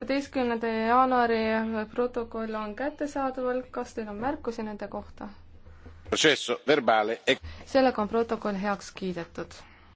kaheteistkümnenda jaanuari protokoll on kättesaadaval, kas teil on märkusi nende kohta? E- sellega on protokoll heaks kiidetud.